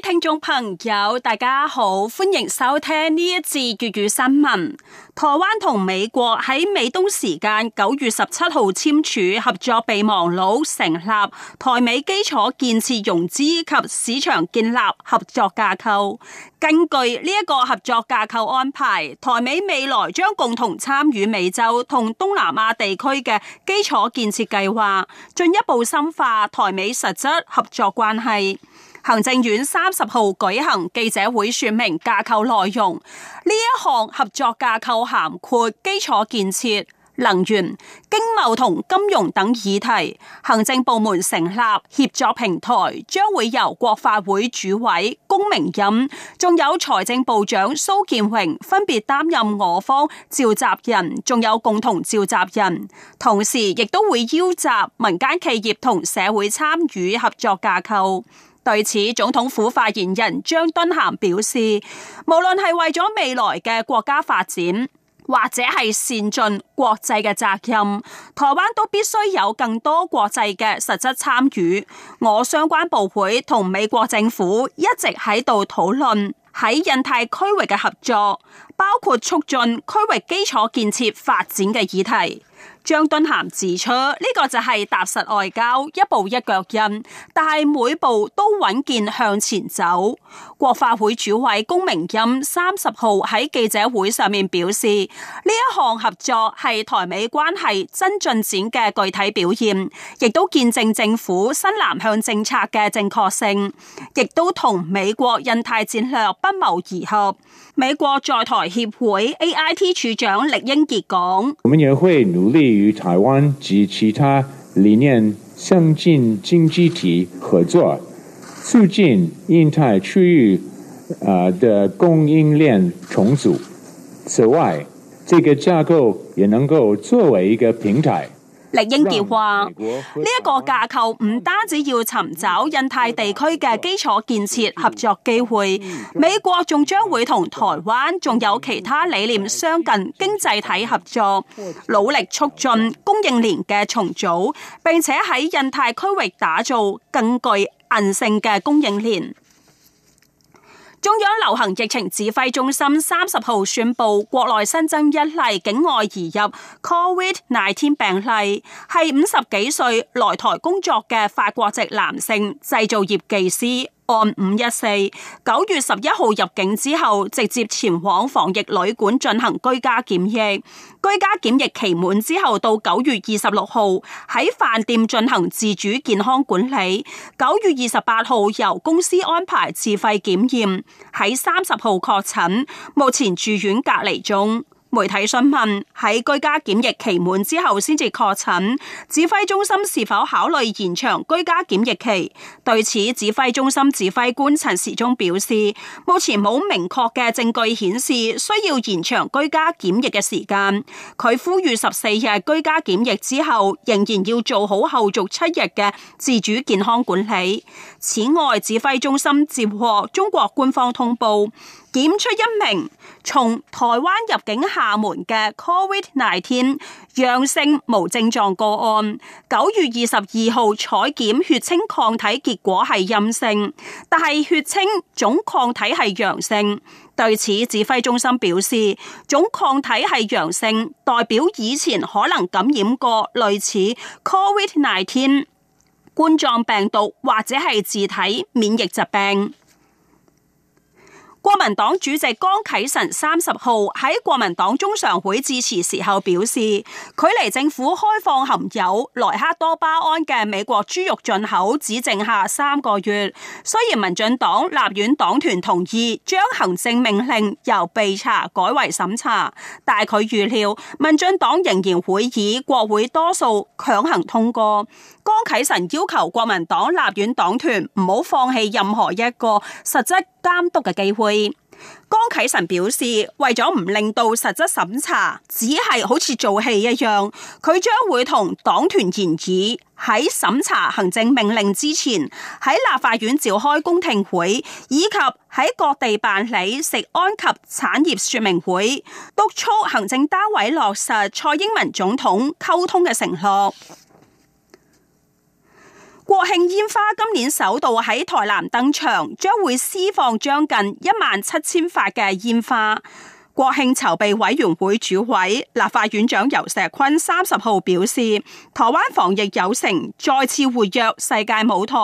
聽眾朋友，大家好，歡迎收聽呢一節粵語新聞。台灣同美國喺美東時間九月十七號簽署合作備忘錄，成立台美基礎建設融資及市場建立合作架構。根據呢一個合作架構安排，台美未來將共同參與美洲同東南亞地區嘅基礎建設計劃，進一步深化台美實質合作關係。行政院三十號舉行記者會，說明架構內容。呢一項合作架構涵括基礎建設、能源、經貿同金融等議題。行政部門成立協作平台，將會由國發會主委龔明鑫，仲有財政部長蘇建榮分別擔任我方召集人，仲有共同召集人。同時亦都會邀集民間企業同社會參與合作架構。對此，總統府發言人張敦涵表示，無論係為咗未來嘅國家發展，或者係善盡國際嘅責任，台灣都必須有更多國際嘅實質參與。我相關部會同美國政府一直喺度討論喺印太區域嘅合作，包括促進區域基礎建設發展嘅議題。張敦涵指出，呢、這個就係踏實外交，一步一腳印，但係每步都穩健向前走。國發會主委龔明鑫三十號喺記者會上面表示，呢一項合作係台美關係真進展嘅具體表現，亦都見證政府新南向政策嘅正確性，亦都同美國印太戰略不謀而合。美國在台協會 AIT 處長酈英傑講：我們也會努力。與台灣及其他理念相近經濟體合作，促進印太區域啊的供應鏈重組。此外，這個架構也能夠作為一個平台。酈英傑話：呢、這、一個架構唔單止要尋找印太地區嘅基礎建設合作機會，美國仲將會同台灣仲有其他理念相近經濟體合作，努力促進供應鏈嘅重組，並且喺印太區域打造更具韌性嘅供應鏈。中央流行疫情指揮中心三十號宣布，國內新增一例境外移入 COVID-19 病例，係五十幾歲來台工作嘅法國籍男性，製造業技師。案五一四九月十一號入境之後，直接前往防疫旅館進行居家檢疫。居家檢疫期滿之後，到九月二十六號喺飯店進行自主健康管理。九月二十八號由公司安排自費檢驗，喺三十號確診，目前住院隔離中。媒體詢問喺居家檢疫期滿之後先至確診，指揮中心是否考慮延長居家檢疫期？對此，指揮中心指揮官陳時中表示，目前冇明確嘅證據顯示需要延長居家檢疫嘅時間。佢呼籲十四日居家檢疫之後，仍然要做好後續七日嘅自主健康管理。此外，指揮中心接獲中國官方通報。檢出一名從台灣入境廈門嘅 COVID-19 陽性無症狀個案，九月二十二號採檢血清抗體結果係陰性，但係血清總抗體係陽性。對此，指揮中心表示，總抗體係陽性代表以前可能感染過類似 COVID-19 冠狀病毒，或者係自體免疫疾病。國民黨主席江啟臣三十號喺國民黨中常會致辭時候表示，距離政府開放含有萊克多巴胺嘅美國豬肉進口只剩下三個月。雖然民進黨立院黨團同意將行政命令由備查改為審查，但佢預料民進黨仍然會以國會多數強行通過。江啟臣要求國民黨立院黨團唔好放棄任何一個實質監督嘅機會。江啟臣表示，為咗唔令到實質審查，只係好似做戲一樣，佢將會同黨團研議喺審查行政命令之前，喺立法院召開公聽會，以及喺各地辦理食安及產業說明會，督促行政單位落實蔡英文總統溝通嘅承諾。國慶煙花今年首度喺台南登場，將會施放將近一萬七千發嘅煙花。國慶籌備委員會主委、立法院長游錫堃三十號表示，台灣防疫有成，再次活躍世界舞台。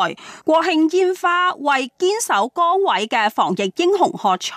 國慶煙花為堅守崗位嘅防疫英雄喝彩。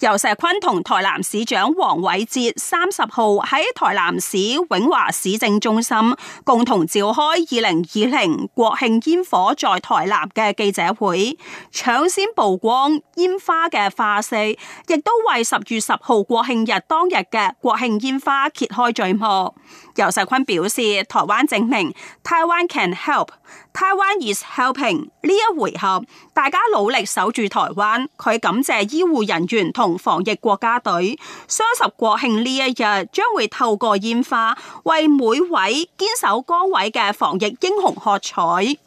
游錫堃同台南市長黃偉哲三十號喺台南市永華市政中心共同召開二零二零國慶煙火在台南嘅記者會，搶先曝光煙花嘅花式，亦都為十月十號國慶日當日嘅國慶煙花揭開序幕。尤世坤表示，台灣證明 Taiwan can help，Taiwan is helping。呢一回合，大家努力守住台灣。佢感謝醫護人員同防疫國家隊。雙十國慶呢一日，將會透過煙花為每位堅守崗位嘅防疫英雄喝彩。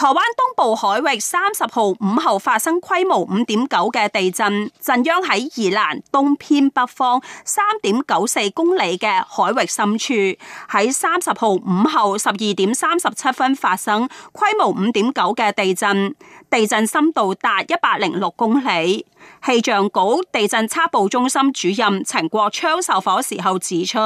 台灣東部海域三十號午後發生規模五點九嘅地震，震央喺宜蘭東偏北方三點九四公里嘅海域深處。喺三十號午後十二點三十七分發生規模五點九嘅地震，地震深度達一百零六公里。氣象局地震測報中心主任陳國昌受訪時候指出，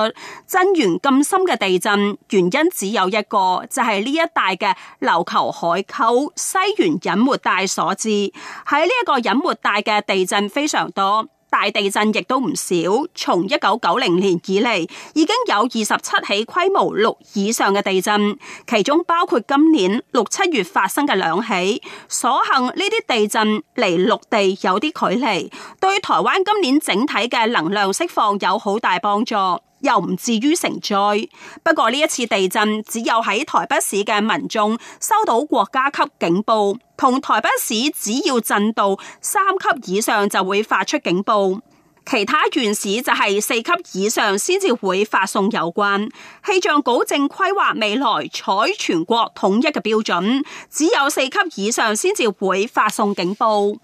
震源咁深嘅地震原因只有一個，就係、是、呢一帶嘅琉球海溝西緣隱沒帶所致。喺呢一個隱沒帶嘅地震非常多。大地震亦都唔少，從一九九零年以嚟已經有二十七起規模六以上嘅地震，其中包括今年六七月發生嘅兩起。所幸呢啲地震離陸地有啲距離，對台灣今年整體嘅能量釋放有好大幫助。又唔至於成災。不過呢一次地震，只有喺台北市嘅民眾收到國家級警報，同台北市只要震度三級以上就會發出警報，其他縣市就係四級以上先至會發送有關。氣象局正規劃未來採全國統一嘅標準，只有四級以上先至會發送警報。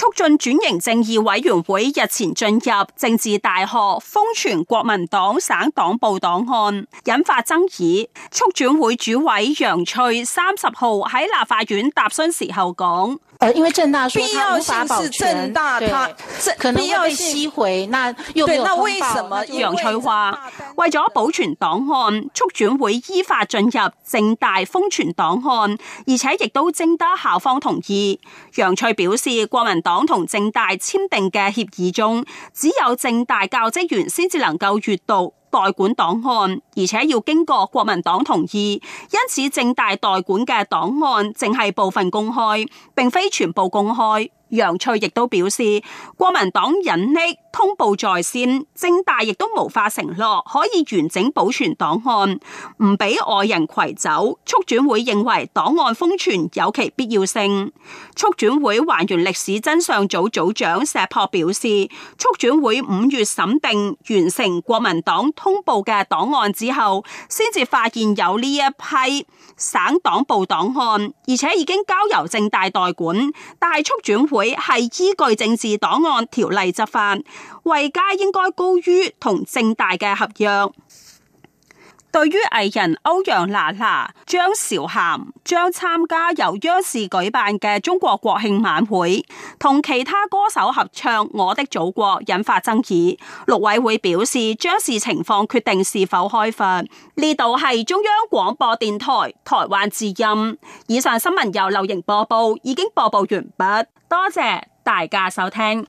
促進轉型正義委員會日前進入政治大學，封存國民黨省黨部檔案，引發爭議。促轉會主委楊翠三十號喺立法院答詢時候講。呃，因為政大說他無法保全，必要時政大他可能會吸回。那又沒有對，那為什麼楊翠話，為咗保存檔案，促轉會依法進入政大封存檔案，而且亦都徵得校方同意。楊翠表示，國民黨同政大簽訂嘅協議中，只有政大教職員先至能夠閱讀。代管檔案，而且要經過國民黨同意，因此政大代管嘅檔案淨係部分公開，並非全部公開。楊翠亦都表示，國民黨隱匿通報在先，政大亦都無法承諾可以完整保存檔案，唔俾外人攜走。促轉會認為檔案封存有其必要性。促轉會還原歷史真相組組長石破表示，促轉會五月審定完成國民黨通報嘅檔案之後，先至發現有呢一批省黨部檔案，而且已經交由政大代管，但係促轉會。係依據政治檔案條例執法，為家應該高於同政大嘅合約。對於藝人歐陽娜娜、張韶涵將參加由央視舉辦嘅中國國慶晚會，同其他歌手合唱《我的祖國》，引發爭議。陸委會表示將視情況決定是否開罰。呢度係中央廣播電台台灣字音。以上新聞由流瑩播報，已經播報完畢，多謝大家收聽。